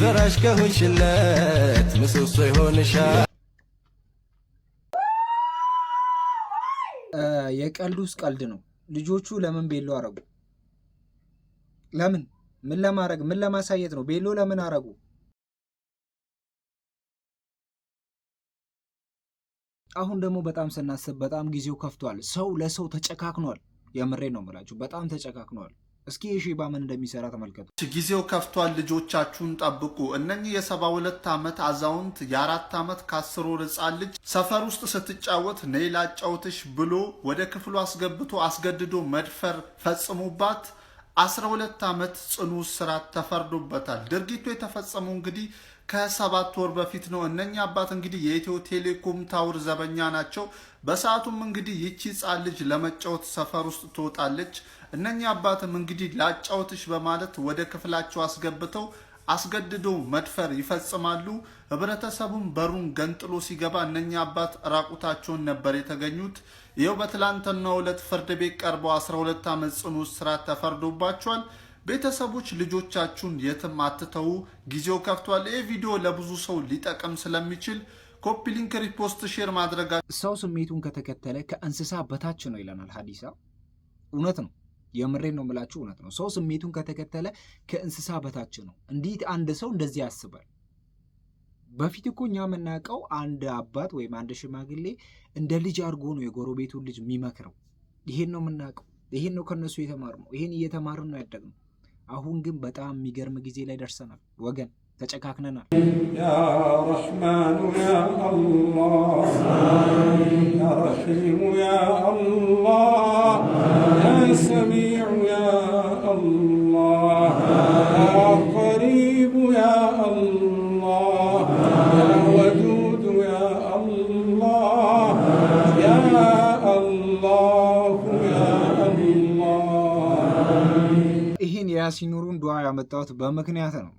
ፍራሽ ከሆንሽለት ምሰሶ ይሆንሻል። ውስጥ ቀልድ ነው። ልጆቹ ለምን ቤሎ አረጉ? ለምን ምን ለማድረግ ምን ለማሳየት ነው? ቤሎ ለምን አረጉ? አሁን ደግሞ በጣም ስናስብ በጣም ጊዜው ከፍቷል። ሰው ለሰው ተጨካክኗል። የምሬ ነው የምላችሁ፣ በጣም ተጨካክኗል። እስኪ የሺባ ምን እንደሚሰራ ተመልከቱ። ጊዜው ከፍቷል፣ ልጆቻችሁን ጠብቁ። እነኚህ የሰባ ሁለት ዓመት አዛውንት የአራት ዓመት ከአስር ወር ልጅ ሰፈር ውስጥ ስትጫወት ነይ ላጫውትሽ ብሎ ወደ ክፍሉ አስገብቶ አስገድዶ መድፈር ፈጽሞባት 12 ዓመት ጽኑ እስራት ተፈርዶበታል። ድርጊቱ የተፈጸመው እንግዲህ ከሰባት ወር በፊት ነው። እነኛ አባት እንግዲህ የኢትዮ ቴሌኮም ታውር ዘበኛ ናቸው። በሰዓቱም እንግዲህ ይቺ ሕፃን ልጅ ለመጫወት ሰፈር ውስጥ ትወጣለች። እነኛ አባትም እንግዲህ ላጫወትሽ በማለት ወደ ክፍላቸው አስገብተው አስገድዶ መድፈር ይፈጽማሉ። ህብረተሰቡም በሩን ገንጥሎ ሲገባ እነኛ አባት ራቁታቸውን ነበር የተገኙት። ይኸው በትላንትናው ዕለት ፍርድ ቤት ቀርበው 12 ዓመት ጽኑ እስራት ተፈርዶባቸዋል። ቤተሰቦች ልጆቻችሁን የትም አትተው። ጊዜው ከፍቷል። ይህ ቪዲዮ ለብዙ ሰው ሊጠቅም ስለሚችል ኮፒ ሊንክ፣ ሪፖስት፣ ሼር ማድረጋ ሰው ስሜቱን ከተከተለ ከእንስሳ በታች ነው ይለናል ሀዲሳ። እውነት ነው፣ የምሬን ነው የምላችሁ፣ እውነት ነው። ሰው ስሜቱን ከተከተለ ከእንስሳ በታች ነው። እንዴት አንድ ሰው እንደዚህ ያስባል። በፊት እኮ እኛ የምናውቀው አንድ አባት ወይም አንድ ሽማግሌ እንደ ልጅ አድርጎ ነው የጎረቤቱን ልጅ የሚመክረው። ይሄን ነው የምናውቀው፣ ይሄን ነው ከነሱ የተማርነው፣ ይሄን እየተማርን ነው ያደግነው። አሁን ግን በጣም የሚገርም ጊዜ ላይ ደርሰናል ወገን፣ ተጨካክነናል። ያ ረሕማኑ ያ አላህ ያ ያመጣሁት በምክንያት ነው።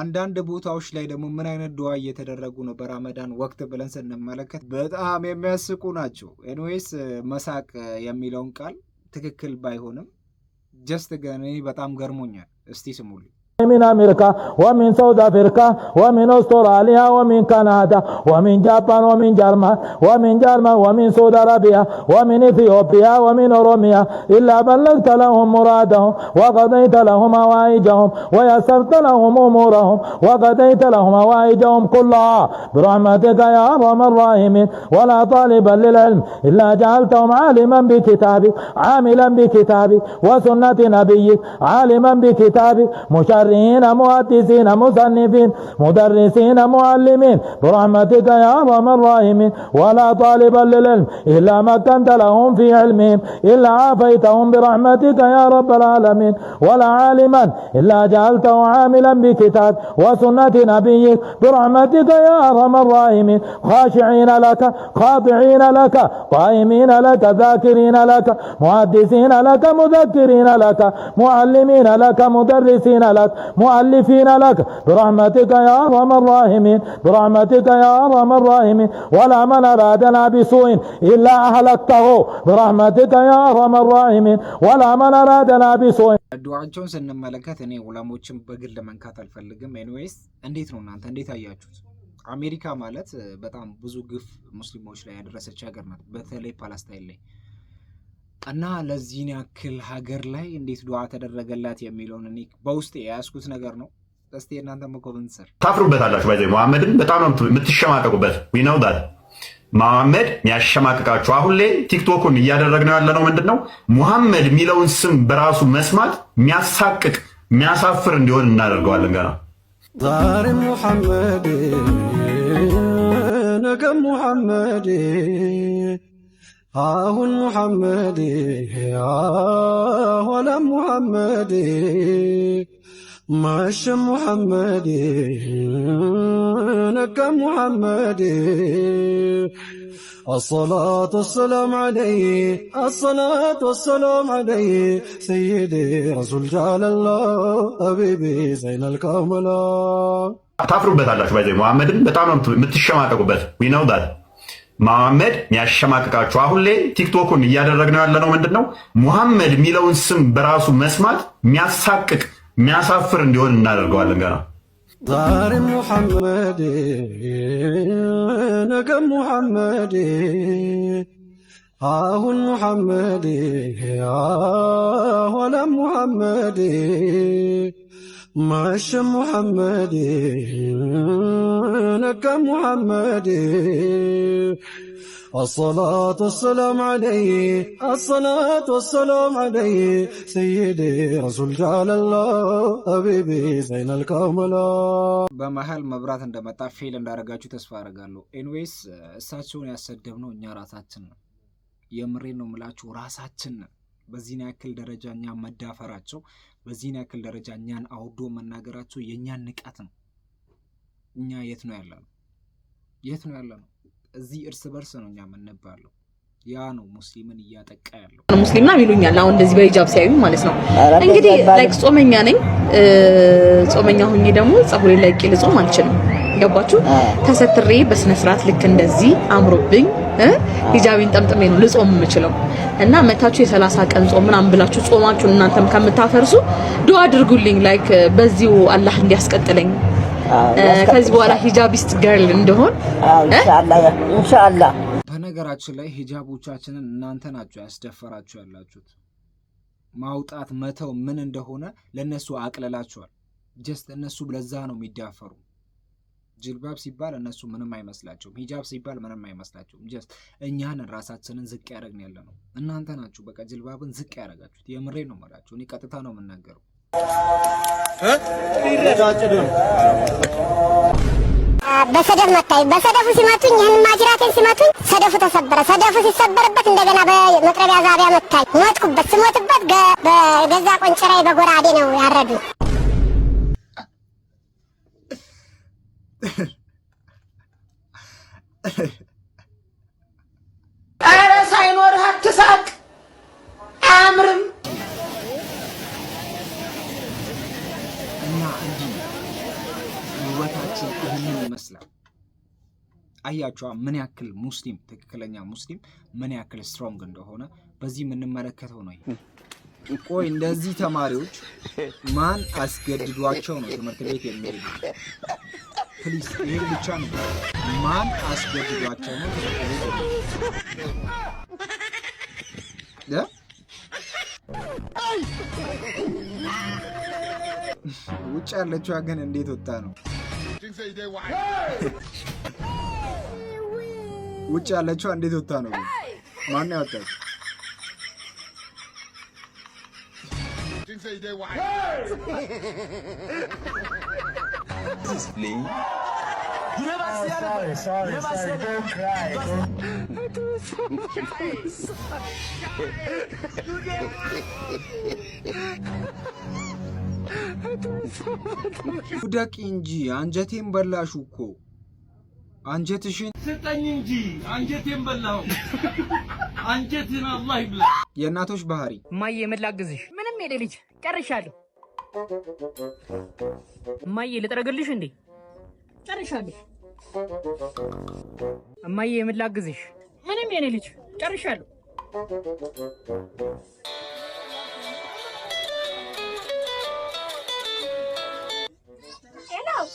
አንዳንድ ቦታዎች ላይ ደግሞ ምን አይነት ድዋ እየተደረጉ ነው በራመዳን ወቅት ብለን ስንመለከት በጣም የሚያስቁ ናቸው። ኤኒዌይስ መሳቅ የሚለውን ቃል ትክክል ባይሆንም ጀስት ግን እኔ በጣም ገርሞኛል። እስቲ ስሙልኝ። من أمريكا ومن سود أفريكا ومن أستراليا ومن كندا ومن جابان ومن جرما ومن جرما ومن سود أرابيا ومن إثيوبيا ومن أوروميا إلا بلغت لهم مرادهم وقضيت لهم أوائجهم ويسرت لهم أمورهم وقضيت لهم أوائجهم كلها برحمتك يا أرحم الراحمين ولا طالبا للعلم إلا جعلتهم عالما بكتابك عاملا بكتابك وسنة نبيك عالما بكتابك مشرعا مبتدئين محدثين مصنفين مدرسين معلمين برحمتك يا ارحم الراحمين ولا طالبا للعلم الا مكنت لهم في علمهم الا عافيتهم برحمتك يا رب العالمين ولا عالما الا جعلته عاملا بكتاب وسنه نبيك برحمتك يا ارحم الراحمين خاشعين لك خاضعين لك قائمين لك ذاكرين لك محدثين لك مذكرين لك معلمين لك مدرسين لك ሙአሊፊን አላከ ብራሕመቲከ ያ አርሐመ ራሒሚን ብራሕመቲከ ያ አርሐመ ራሒሚን ወላ መን አራደና ቢሱኢን ኢላ አህለክተሁ ብራሕመቲከ ያ አርሐመ ራሒሚን ወላ መን አራደና ቢሱኢን። ዱዓቸውን ስንመለከት እኔ ዑለሞችን በግል መንካት አልፈልግም። ኤኒዌይስ እንዴት ነው እናንተ እንዴት አያችሁት? አሜሪካ ማለት በጣም ብዙ ግፍ ሙስሊሞች ላይ ያደረሰች ሀገር ናት፣ በተለይ ፓላስታይን ላይ እና ለዚህን ያክል ሀገር ላይ እንዴት ዱዓ ተደረገላት የሚለውን እኔ በውስጥ የያዝኩት ነገር ነው። እስቲ እናንተ መኮብን ስር ታፍሩበታላችሁ። ባይዘ መሐመድን በጣም ነው የምትሸማቀቁበት። ነው ት መሐመድ የሚያሸማቅቃችሁ አሁን ላይ ቲክቶኩን እያደረግነው ያለነው ምንድን ነው? ሙሐመድ የሚለውን ስም በራሱ መስማት የሚያሳቅቅ የሚያሳፍር እንዲሆን እናደርገዋለን። ገና ዛሬ ሙሐመድ ነገ ሙሐመድ آه محمد آه ولا محمد معش محمد لك الصلاة والسلام علي الصلاة والسلام علي سيدي رسول جعل الله حبيبي زين الكاملة ታፍሩበታላችሁ ባይዘ መሐመድን በጣም بس we know that ማመድ የሚያሸማቅቃችሁ አሁን ላይ ቲክቶኩን እያደረግነው ያለነው ምንድን ነው? ሙሐመድ የሚለውን ስም በራሱ መስማት የሚያሳቅቅ የሚያሳፍር እንዲሆን እናደርገዋለን። ገና ዛሬ ሙሐመድ ነገ ሙሐመድ አሁን ሙሐመድ ኋላ ሙሐመድ ማሸ ሙሐመድ ነካ ሙሐመድ الصلاة والسلام عليه الصلاة والسلام عليه سيدي رسول جعل الله حبيبي زين በመሀል መብራት እንደመጣ ፌል እንዳደረጋችሁ ተስፋ አደርጋለሁ። ኤንዌይስ እሳቸውን ያሰደብነው እኛ ራሳችን ነው። የምሬ ነው የምላችሁ ራሳችን በዚህን ያክል ደረጃ እኛ መዳፈራቸው በዚህን ያክል ደረጃ እኛን አውዶ መናገራቸው የእኛን ንቀት ነው። እኛ የት ነው ያለ ነው? የት ነው ያለ ነው? እዚህ እርስ በርስ ነው እኛ የምንባለው። ያ ነው ሙስሊምን እያጠቃ ያለው። ሙስሊም ነው ይሉኛል አሁን እንደዚህ በሂጃብ ሲያዩ ማለት ነው። እንግዲህ ላይክ ጾመኛ ነኝ። ጾመኛ ሁኜ ደግሞ ጸጉሬ ላይ ልጾም አልችልም። ገባችሁ? ተሰትሬ በስነስርዓት ልክ እንደዚህ አምሮብኝ ሂጃቢን ጠምጥሜ ነው ልጾም የምችለው። እና መታችሁ የሰላሳ ቀን ጾም ምናምን ብላችሁ ጾማችሁን እናንተም ከምታፈርሱ ዱአ አድርጉልኝ። ላይክ በዚሁ አላህ እንዲያስቀጥለኝ ከዚህ በኋላ ሂጃቢስት ገርል እንደሆን ኢንሻአላህ። በነገራችን ላይ ሂጃቦቻችንን እናንተ ናችሁ ያስደፈራችሁ ያላችሁት ማውጣት መተው ምን እንደሆነ ለእነሱ አቅልላችኋል። ጀስት እነሱ ለዛ ነው የሚዳፈሩ ጅልባብ ሲባል እነሱ ምንም አይመስላቸውም። ሂጃብ ሲባል ምንም አይመስላቸውም። ጀስት እኛን ራሳችንን ዝቅ ያደረግን ያለ ነው። እናንተ ናችሁ በቃ ጅልባብን ዝቅ ያደረጋችሁት። የምሬ ነው የምላችሁ። እኔ ቀጥታ ነው የምናገረው። በሰደፍ መታኝ። በሰደፉ ሲመቱኝ፣ ይህን ማጅራቴን ሲመቱኝ፣ ሰደፉ ተሰበረ። ሰደፉ ሲሰበርበት እንደገና በመጥረቢያ ዛቢያ መታኝ። ሞትኩበት። ስሞትበት በገዛ ቆንጭራዬ በጎራዴ ነው ያረዱኝ። ኧረ ሳይኖርህ አትሳቅ፣ አያምርም። እና እንዲህ ህይወታችን ይህንን ይመስላል። አያቸዋ ምን ያክል ሙስሊም ትክክለኛ ሙስሊም ምን ያክል ስትሮንግ እንደሆነ በዚህ የምንመለከተው ነው። ቆይ እንደዚህ ተማሪዎች ማን አስገድዷቸው ነው ትምህርት ቤት ፕሊስ ይሄ ብቻ ነው። ማን አስገድዷቸው ነው? ውጭ ያለችዋ ግን እንዴት ወጣ ነው? ውጭ ያለችው እንዴት ወጣ ነው? ማን ያወጣች? this plane? You never oh, see anybody. Sorry, you never sorry, see don't cry. I do so much. ውደቅ እንጂ አንጀቴን በላሹ እኮ አንጀትሽን ስጠኝ እንጂ አንጀቴን በላሁ። አንጀትን አላህ ይብላ። የእናቶች ባህሪ ማየ መላግዝሽ ምንም የሌለች ቀርሻለሁ እማዬ ልጥረግልሽ እንዴ? ጨርሻለሁ። እማዬ የምን ላግዝሽ? ምንም የኔ ልጅ ጨርሻለሁ።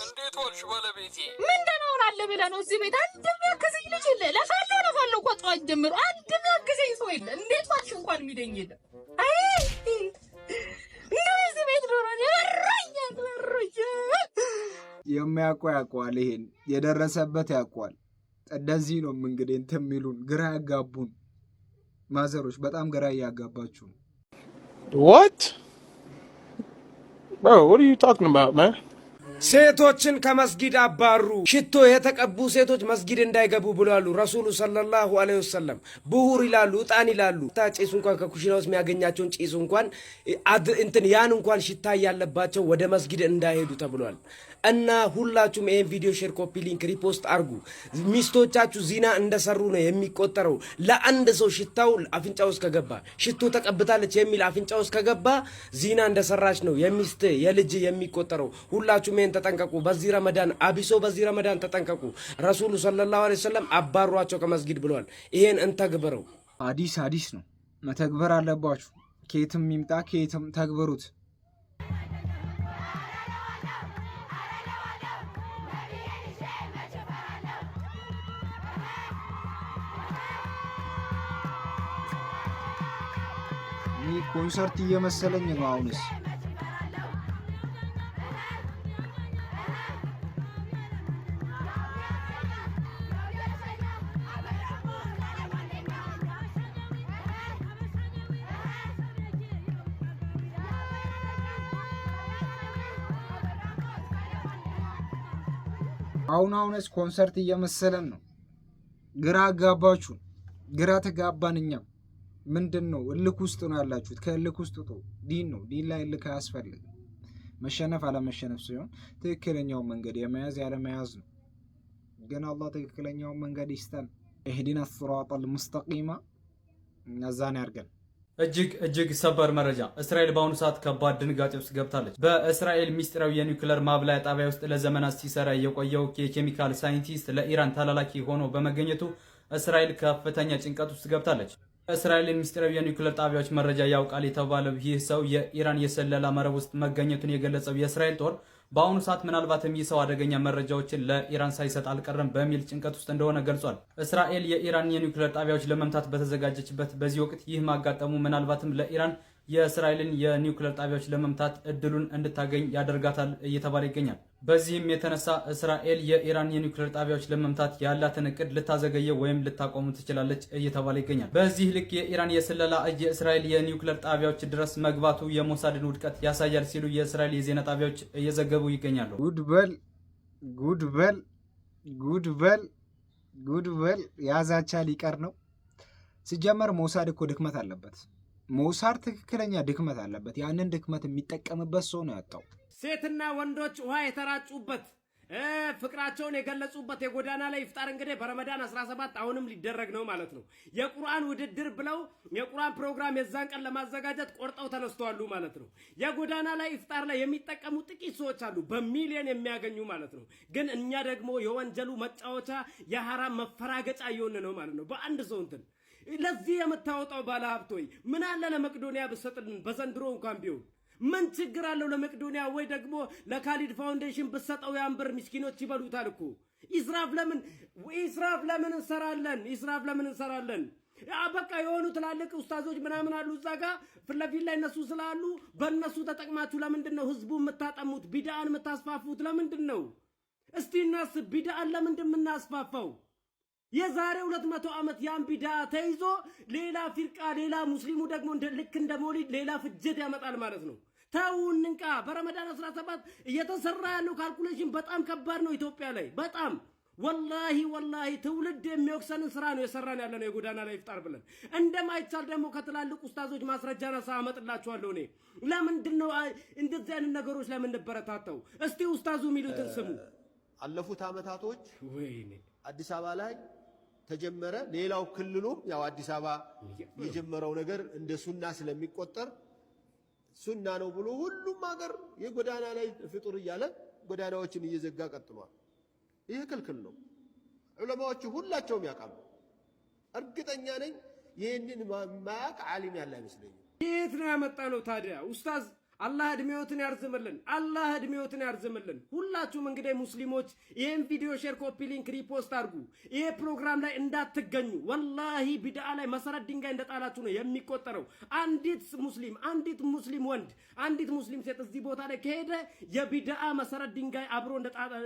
እንዴት ዋልሽ ባለቤቴ? ምንድን ነው እውላለሁ ብለህ ነው? እዚህ ቤት አንድ የሚያግዘኝ ልጅ የለ። ለፋለው ለፋለው እኮ ጠዋት ጀምሮ አንድ የሚያግዘኝ ሰው የለ። እንዴት ዋልሽ እንኳን የሚደኝ የለ። አይ የሚያውቀው ያውቀዋል። ይሄን የደረሰበት ያውቀዋል። እንደዚህ ነው እንግዲህ እንትን የሚሉን ግራ ያጋቡን ማዘሮች፣ በጣም ግራ እያጋባችሁ ነው። ሴቶችን ከመስጊድ አባሩ። ሽቶ የተቀቡ ሴቶች መስጊድ እንዳይገቡ ብለዋሉ ረሱሉ ሰለላሁ ዐለይሂ ወሰለም። ብሁር ይላሉ፣ እጣን ይላሉ። ጭሱ እንኳን ከኩሽና ውስጥ የሚያገኛቸውን ጭሱ እንኳን እንትን ያን እንኳን ሽታ ያለባቸው ወደ መስጊድ እንዳይሄዱ ተብሏል። እና ሁላችሁም ይህን ቪዲዮ ሼር፣ ኮፒ ሊንክ፣ ሪፖስት አርጉ። ሚስቶቻችሁ ዚና እንደሰሩ ነው የሚቆጠረው። ለአንድ ሰው ሽታው አፍንጫ ውስጥ ከገባ ሽቶ ተቀብታለች የሚል አፍንጫ ውስጥ ከገባ ዚና እንደሰራች ነው የሚስት የልጅ የሚቆጠረው። ሁላችሁም ይህን ተጠንቀቁ። በዚህ ረመዳን አቢሶ በዚህ ረመዳን ተጠንቀቁ። ረሱሉ ሰለላሁ ዐለይሂ ወሰለም አባሯቸው ከመስጊድ ብለዋል። ይሄን እንተግበረው። አዲስ አዲስ ነው መተግበር አለባችሁ። ከየትም ይምጣ ከየትም ተግበሩት። ኮንሰርት እየመሰለኝ ነው አሁንስ። አሁን አሁንስ ኮንሰርት እየመሰለን ነው። ግራ አጋባችሁ፣ ግራ ተጋባን እኛም። ምንድን ነው እልክ ውስጥ ነው ያላችሁት። ከእልክ ውስጥ ውጡ። ዲን ነው ዲን ላይ እልክ አያስፈልግም። መሸነፍ አለመሸነፍ ሲሆን ትክክለኛውን መንገድ የመያዝ ያለመያዝ ነው። ግን አላህ ትክክለኛውን መንገድ ይስጠን። እህዲን ሲራጠል ሙስተቂማ እዛን ያድርገን። እጅግ እጅግ ሰበር መረጃ። እስራኤል በአሁኑ ሰዓት ከባድ ድንጋጤ ውስጥ ገብታለች። በእስራኤል ሚስጥራዊ የኒውክለር ማብላያ ጣቢያ ውስጥ ለዘመናት ሲሰራ የቆየው የኬሚካል ሳይንቲስት ለኢራን ተላላኪ ሆኖ በመገኘቱ እስራኤል ከፍተኛ ጭንቀት ውስጥ ገብታለች። እስራኤል የሚስጢራዊ የኒውክሌር ጣቢያዎች መረጃ ያውቃል የተባለው ይህ ሰው የኢራን የሰለላ መረብ ውስጥ መገኘቱን የገለጸው የእስራኤል ጦር በአሁኑ ሰዓት ምናልባትም ይህ ሰው አደገኛ መረጃዎችን ለኢራን ሳይሰጥ አልቀረም በሚል ጭንቀት ውስጥ እንደሆነ ገልጿል። እስራኤል የኢራን የኒውክሌር ጣቢያዎች ለመምታት በተዘጋጀችበት በዚህ ወቅት ይህ ማጋጠሙ ምናልባትም ለኢራን የእስራኤልን የኒውክሌር ጣቢያዎች ለመምታት እድሉን እንድታገኝ ያደርጋታል እየተባለ ይገኛል። በዚህም የተነሳ እስራኤል የኢራን የኒውክሌር ጣቢያዎች ለመምታት ያላትን እቅድ ልታዘገየ ወይም ልታቆሙ ትችላለች እየተባለ ይገኛል። በዚህ ልክ የኢራን የስለላ እጅ የእስራኤል የኒውክሌር ጣቢያዎች ድረስ መግባቱ የሞሳድን ውድቀት ያሳያል ሲሉ የእስራኤል የዜና ጣቢያዎች እየዘገቡ ይገኛሉ። ጉድበል ጉድበል ጉድበል ጉድበል ያዛቻ ሊቀር ነው። ሲጀመር ሞሳድ እኮ ድክመት አለበት። ሞሳር ትክክለኛ ድክመት አለበት። ያንን ድክመት የሚጠቀምበት ሰው ነው ያጣው። ሴትና ወንዶች ውሃ የተራጩበት ፍቅራቸውን የገለጹበት የጎዳና ላይ ይፍጣር እንግዲህ በረመዳን 17 አሁንም ሊደረግ ነው ማለት ነው። የቁርአን ውድድር ብለው የቁርአን ፕሮግራም የዛን ቀን ለማዘጋጀት ቆርጠው ተነስተዋሉ ማለት ነው። የጎዳና ላይ ይፍጣር ላይ የሚጠቀሙ ጥቂት ሰዎች አሉ፣ በሚሊዮን የሚያገኙ ማለት ነው። ግን እኛ ደግሞ የወንጀሉ መጫወቻ የሐራም መፈራገጫ እየሆነ ነው ማለት ነው በአንድ ሰው እንትን ለዚህ የምታወጣው ባለሀብት ወይ ምን አለ ለመቅዶኒያ ብሰጥልን በዘንድሮ እንኳን ቢሆን ምን ችግር አለው ለመቅዶኒያ ወይ ደግሞ ለካሊድ ፋውንዴሽን ብሰጠው ያን ብር ምስኪኖች ይበሉታል እኮ ኢስራፍ ለምን ኢስራፍ ለምን እንሰራለን ኢስራፍ ለምን እንሰራለን በቃ የሆኑ ትላልቅ ኡስታዞች ምናምን አሉ እዛ ጋ ፍለፊት ላይ እነሱ ስላሉ በእነሱ ተጠቅማችሁ ለምንድን ነው ህዝቡ የምታጠሙት ቢዳአን የምታስፋፉት ለምንድን ነው እስቲ እናስብ ቢዳአን ለምንድን የምናስፋፋው የዛሬ ሁለት መቶ ዓመት ያን ቢዳ ተይዞ ሌላ ፊርቃ ሌላ ሙስሊሙ ደግሞ ልክ እንደ ሞሊድ ሌላ ፍጀት ያመጣል ማለት ነው። ተው እንንቃ። በረመዳን 17 እየተሰራ ያለው ካልኩሌሽን በጣም ከባድ ነው። ኢትዮጵያ ላይ በጣም ወላሂ ወላሂ ትውልድ የሚወቅሰንን ስራ ነው የሰራን ያለ ነው። የጎዳና ላይ ይፍጣር ብለን እንደማይቻል ደግሞ ከትላልቅ ውስታዞች ማስረጃ ነሳ አመጥላችኋለሁ። እኔ ለምንድን ነው እንደዚህ አይነት ነገሮች ለምን በረታተው? እስቲ ውስታዙ የሚሉትን ስሙ። አለፉት አመታቶች ወይኔ አዲስ አበባ ላይ ተጀመረ። ሌላው ክልሉም ያው አዲስ አበባ የጀመረው ነገር እንደ ሱና ስለሚቆጠር ሱና ነው ብሎ ሁሉም ሀገር የጎዳና ላይ ፍጡር እያለ ጎዳናዎችን እየዘጋ ቀጥሏል። ይሄ ክልክል ነው። ዑለማዎቹ ሁላቸውም ያውቃሉ። እርግጠኛ ነኝ ይህንን ማያቅ ዓሊም ያለ አይመስለኝም። የት ነው ያመጣ ነው ታዲያ ኡስታዝ? አላህ እድሜዎትን ያርዝምልን። አላህ እድሜዎትን ያርዝምልን። ሁላችሁም እንግዲህ ሙስሊሞች ይህን ቪዲዮ ሼር፣ ኮፒ ሊንክ፣ ሪፖስት አድርጉ። ይሄ ፕሮግራም ላይ እንዳትገኙ። ወላሂ ቢድአ ላይ መሰረት ድንጋይ እንደጣላችሁ ነው የሚቆጠረው። አንዲት ሙስሊም አንዲት ሙስሊም ወንድ አንዲት ሙስሊም ሴት እዚህ ቦታ ላይ ከሄደ የቢድአ መሰረት ድንጋይ አብሮ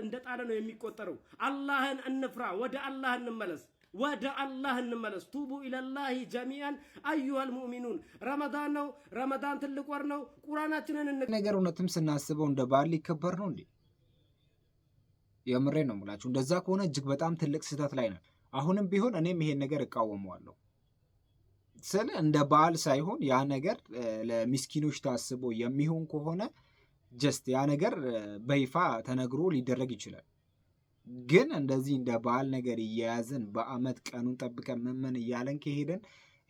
እንደጣለ ነው የሚቆጠረው። አላህን እንፍራ፣ ወደ አላህ እንመለስ። ወደ አላህ እንመለስ። ቱቡ ኢለላሂ ጀሚአን አዩሃል ሙእሚኑን። ረመዳን ነው፣ ረመዳን ትልቅ ወር ነው። ቁርአናችንን ነገር እውነትም ስናስበው እንደ በዓል ሊከበር ነው እንዴ? የምሬ ነው ሙላችሁ። እንደዛ ከሆነ እጅግ በጣም ትልቅ ስህተት ላይ ነው። አሁንም ቢሆን እኔም ይሄን ነገር እቃወመዋለሁ ስል እንደ በዓል ሳይሆን ያ ነገር ለሚስኪኖች ታስቦ የሚሆን ከሆነ ጀስት ያ ነገር በይፋ ተነግሮ ሊደረግ ይችላል። ግን እንደዚህ እንደ በዓል ነገር እየያዝን በአመት ቀኑን ጠብቀን ምምን እያለን ከሄደን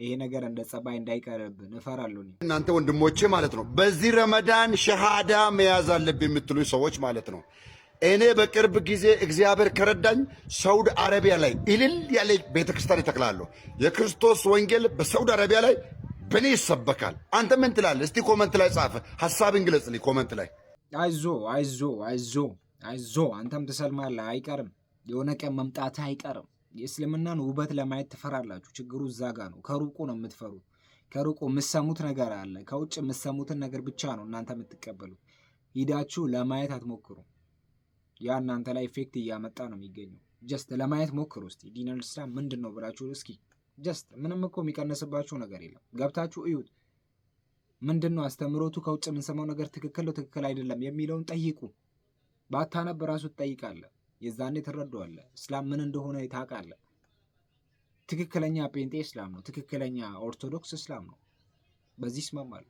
ይሄ ነገር እንደ ጸባይ እንዳይቀርብን እፈራለሁ። እናንተ ወንድሞቼ ማለት ነው በዚህ ረመዳን ሸሃዳ መያዝ አለብ የምትሉ ሰዎች ማለት ነው። እኔ በቅርብ ጊዜ እግዚአብሔር ከረዳኝ ሳውዲ አረቢያ ላይ እልል ያለ ቤተክርስቲያን ይተክላሉ። የክርስቶስ ወንጌል በሳውዲ አረቢያ ላይ በእኔ ይሰበካል። አንተ ምን ትላለህ? እስቲ ኮመንት ላይ ጻፈ ሀሳብ እንግለጽልኝ። ኮመንት ላይ አይዞ አይዞ አይዞ አይዞ አንተም ትሰልማለህ፣ አይቀርም የሆነ ቀን መምጣት አይቀርም። የእስልምናን ውበት ለማየት ትፈራላችሁ። ችግሩ እዛ ጋ ነው። ከሩቁ ነው የምትፈሩት። ከሩቁ የምትሰሙት ነገር አለ። ከውጭ የምትሰሙትን ነገር ብቻ ነው እናንተ የምትቀበሉት። ሂዳችሁ ለማየት አትሞክሩ። ያ እናንተ ላይ ኢፌክት እያመጣ ነው የሚገኘው። ጀስት ለማየት ሞክሩ እስቲ ዲነል ኢስላም ምንድን ነው ብላችሁ እስኪ ጀስት ምንም እኮ የሚቀንስባችሁ ነገር የለም። ገብታችሁ እዩት። ምንድን ነው አስተምህሮቱ? ከውጭ የምንሰማው ነገር ትክክል ነው ትክክል አይደለም የሚለውን ጠይቁ። ባታነብ ራሱ ትጠይቃለህ። የዛኔ ትረዳዋለህ። እስላም ምን እንደሆነ ታውቃለህ። ትክክለኛ ጴንጤ እስላም ነው። ትክክለኛ ኦርቶዶክስ እስላም ነው። በዚህ ይስማማሉ።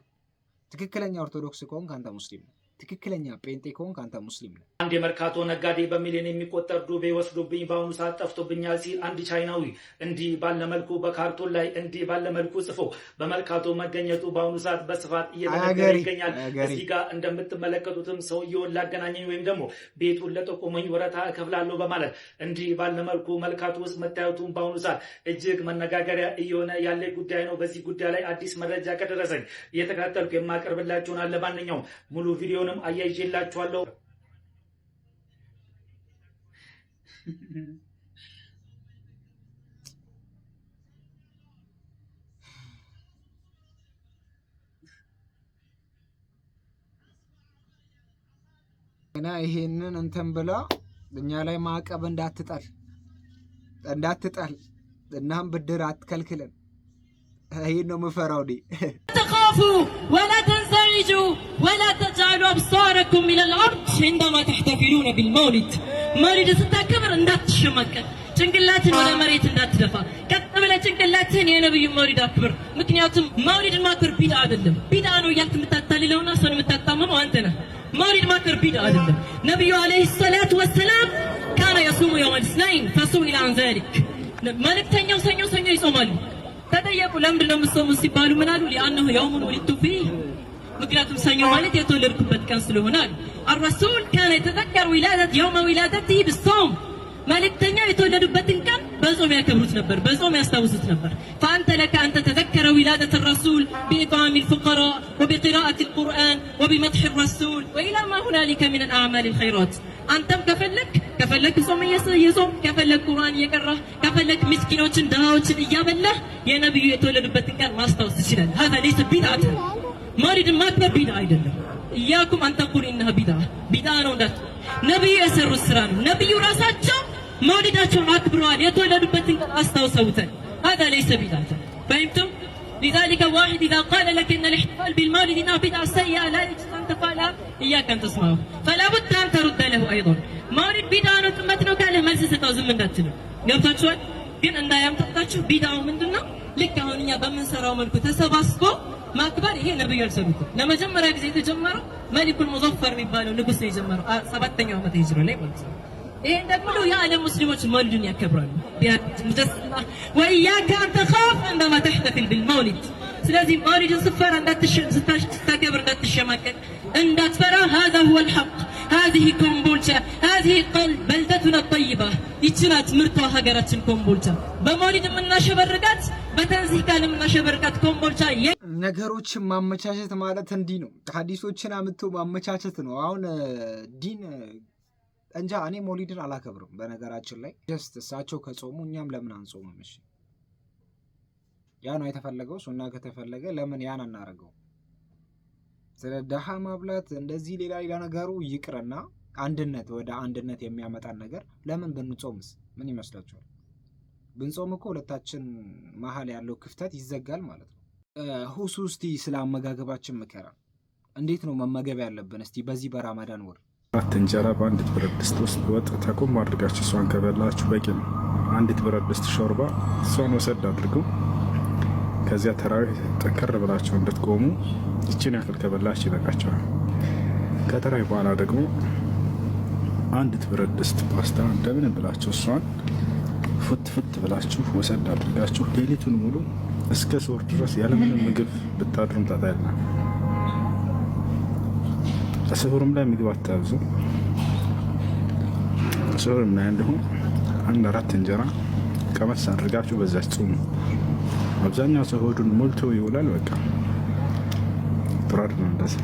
ትክክለኛ ኦርቶዶክስ ከሆንክ አንተ ሙስሊም ነህ። ትክክለኛ ጴንጤ ከሆንክ አንተ ሙስሊም ነህ። አንድ የመርካቶ ነጋዴ በሚሊዮን የሚቆጠር ዱቤ ወስዶብኝ በአሁኑ ሰዓት ጠፍቶብኛል ሲል አንድ ቻይናዊ እንዲህ ባለመልኩ በካርቶን ላይ እንዲህ ባለመልኩ ጽፎ በመርካቶ መገኘቱ በአሁኑ ሰዓት በስፋት እየተነገረ ይገኛል። እዚህ ጋር እንደምትመለከቱትም ሰውየውን ላገናኘኝ ወይም ደግሞ ቤቱን ለጠቆመኝ ወረታ እከፍላለሁ በማለት እንዲህ ባለመልኩ መርካቶ ውስጥ መታየቱን በአሁኑ ሰዓት እጅግ መነጋገሪያ እየሆነ ያለ ጉዳይ ነው። በዚህ ጉዳይ ላይ አዲስ መረጃ ከደረሰኝ እየተከታተልኩ የማቀርብላችሁን አለ ማንኛውም ሙሉ ቪዲዮንም አያይዤላችኋለሁ። እና ይሄንን እንትን ብላ እኛ ላይ ማዕቀብ እንዳትጣል እንዳትጣል፣ እናም ብድር አትከልክለን። ይሄን ነው የምፈራው። ዲ ተቃፉ ወላ ተንዘዒጁ ወላ ተጅዐሉ አብሳረኩም ኢለል አርድ ዐንደማ ተሕተፊሉነ ቢልመውሊድ መውሊድ ስታከ ነገር እንዳትሸመቀቅ፣ ጭንቅላትን ወደ መሬት እንዳትደፋ፣ ቀጥ ብለህ ጭንቅላትን የነብዩ መውሊድ አክብር። ምክንያቱም መውሊድን ማክበር ቢዳ አይደለም። ቢዳ ነው እያልክ የምታታልለውና ሰውን የምታጣመመው አንተ ነህ። መውሊድ ማክበር ቢዳ አይደለም። ነቢዩ አለይሂ ሰላቱ ወሰላም ካነ የሱሙ የውመል ኢስናይን ኢላ አን ዛሊክ መልእክተኛው ሰኞ ሰኞ ይጾማሉ። ተጠየቁ፣ ለምንድን ነው የምትጾሙት ሲባሉ ምን አሉ? ሊአነሁ የውሙን ወሊድቱ ፊህ ምክንያቱም ሰኞ ማለት የተወለድኩበት ቀን ስለሆነ አሉ። አረሱል ካነ የተዘከር ውላደት የውመ ዊላደት ብሶም መልእክተኛው የተወለዱበትን ቀን በጾም ያከብሩት ነበር፣ በጾም ያስታውሱት ነበር። ፈአንተ ለከ አንተ ተዘከረ ዊላደት ረሱል ቢኢጣሚ ልፉቀራ ወቢቅራአት ልቁርአን ወቢመጥሒ ረሱል ወኢላ ማ ሁናሊከ ምን ልአዕማል ልኸይራት። አንተም ከፈለክ ከፈለክ ጾም እየጾም ከፈለክ ቁርአን እየቀራህ ከፈለክ ምስኪኖችን ድሃዎችን እያበላህ የነቢዩ የተወለዱበትን ቀን ማስታወስ ትችላለህ። ሀዛ ለይሰ ቢድዓት መውሊድን ማክበር ቢድዓ አይደለም። እያኩም አንተቁል ኢነሃ ቢድዓ ቢድዓ ነው እንዳት ነቢዩ የሰሩት ስራ ነው። ነቢዩ ራሳቸው مولداتهم أكبروان يتولد بطن أستو سوتن هذا ليس بذاته فهمتم؟ لذلك واحد إذا قال لك أن الاحتفال بالمولد إنها بدعة سيئة لا يجوز أن تفعلها إياك أن تسمعه فلا بد أن ترد له أيضا مولد بدعة ثم تنوك عليه مجلس ستعزم من ذاته قلتاتشوان؟ كن أن دائم تقتاتشو بدعة من دنا لك هونية بمن سرى وملك تسباسكو ما أكبر هي نبي يرسلوك لما جمّر أجزي تجمّر ملك المظفر ببالو نبس يجمّر سبتني يوم تهجروا ليه بلتسو ይሄን ደግሞ የዓለም ሙስሊሞች መውሊድን ያከብራሉ። ቢያስደስና ወያከ አንተ ኻፍ እንደማ ተሕተፊል ቢልመውሊድ ስለዚህ መውሊድን ስትፈራ ስታከብር እንዳትሸማቀቅ እንዳትፈራ። ሀዛ ሁወል ሐቅ ሀዚህ ኮምቦልቻ ሀዚህ ቀል በልደቱና ጠይባ ይችናት ምርቷ ሀገራችን ኮምቦልቻ። በመውሊድ የምናሸበርቃት በተንዚህ ቃል የምናሸበርቃት ኮምቦልቻ። ነገሮችን ማመቻቸት ማለት እንዲህ ነው። ሀዲሶችን አምቶ ማመቻቸት ነው። አሁን ዲን እንጃ እኔ ሞሊድን አላከብርም። በነገራችን ላይ ጀስት እሳቸው ከጾሙ እኛም ለምን አንጾምም? እሺ ያ ነው የተፈለገው። ሱና ከተፈለገ ለምን ያን አናደርገው? ስለ ደሃ ማብላት እንደዚህ ሌላ ሌላ ነገሩ ይቅርና አንድነት ወደ አንድነት የሚያመጣን ነገር ለምን ብንጾምስ? ምን ይመስላችኋል? ብንጾም እኮ ሁለታችን መሀል ያለው ክፍተት ይዘጋል ማለት ነው። ሁሱ እስቲ ስለ አመጋገባችን ምከራ። እንዴት ነው መመገብ ያለብን? እስቲ በዚህ በራመዳን ወር አራት እንጀራ በአንዲት ብረት ድስት ውስጥ ወጥ ተቆም አድርጋችሁ እሷን ከበላችሁ በቂ ነው። አንዲት ብረት ድስት ሾርባ እሷን ወሰድ አድርገው ከዚያ ተራዊህ ጠንከር ብላችሁ እንድትቆሙ ይችን ያክል ከበላችሁ ይበቃችኋል። ከተራዊ በኋላ ደግሞ አንዲት ብረት ድስት ፓስታ እንደምን ብላችሁ እሷን ፉት ፉት ብላችሁ ወሰድ አድርጋችሁ ሌሊቱን ሙሉ እስከ ሶር ድረስ ያለምንም ምግብ ብታድሩም ጣጣ ስሁርም ላይ ምግብ አታብዙ። ስሁርም ላይ እንዲሁም አንድ አራት እንጀራ ቀመስ አድርጋችሁ በዛች ጾሙ። አብዛኛው ሰው ሆዱን ሞልቶ ይውላል። በቃ ጥራድ ነው እንደዚህ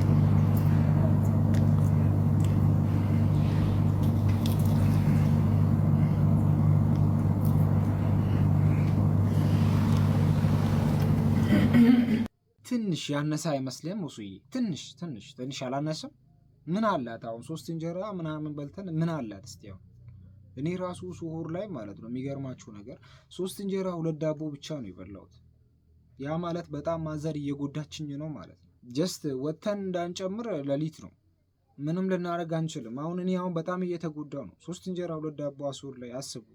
ትንሽ ያነሳ አይመስልም? ውሱዬ ትንሽ ትንሽ ትንሽ አላነስም? ምን አላት? አሁን ሶስት እንጀራ ምናምን በልተን ምን አላት? እስቲ አሁን እኔ ራሱ ስሁር ላይ ማለት ነው የሚገርማችሁ ነገር ሶስት እንጀራ ሁለት ዳቦ ብቻ ነው የበላሁት። ያ ማለት በጣም ማዘር እየጎዳችኝ ነው ማለት ነው። ጀስት ወተን እንዳንጨምር ሌሊት ነው ምንም ልናደርግ አንችልም። አሁን እኔ አሁን በጣም እየተጎዳው ነው። ሶስት እንጀራ ሁለት ዳቦ አስር ላይ አስቡ።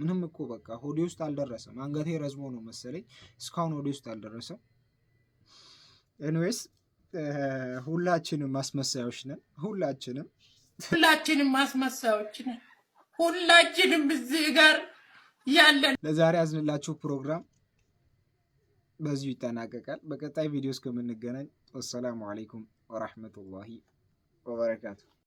ምንም እኮ በቃ ሆዴ ውስጥ አልደረሰም። አንገቴ ረዝሞ ነው መሰለኝ እስካሁን ሆዴ ውስጥ አልደረሰም። ኤኒዌይስ ሁላችንም ማስመሳያዎች ነን። ሁላችንም ሁላችንም ማስመሳያዎች ነን። ሁላችንም እዚህ ጋር ያለን ለዛሬ ያዝንላችሁ ፕሮግራም በዚሁ ይጠናቀቃል። በቀጣይ ቪዲዮ እስከምንገናኝ ወሰላሙ አለይኩም ወራህመቱላሂ ወበረካቱ።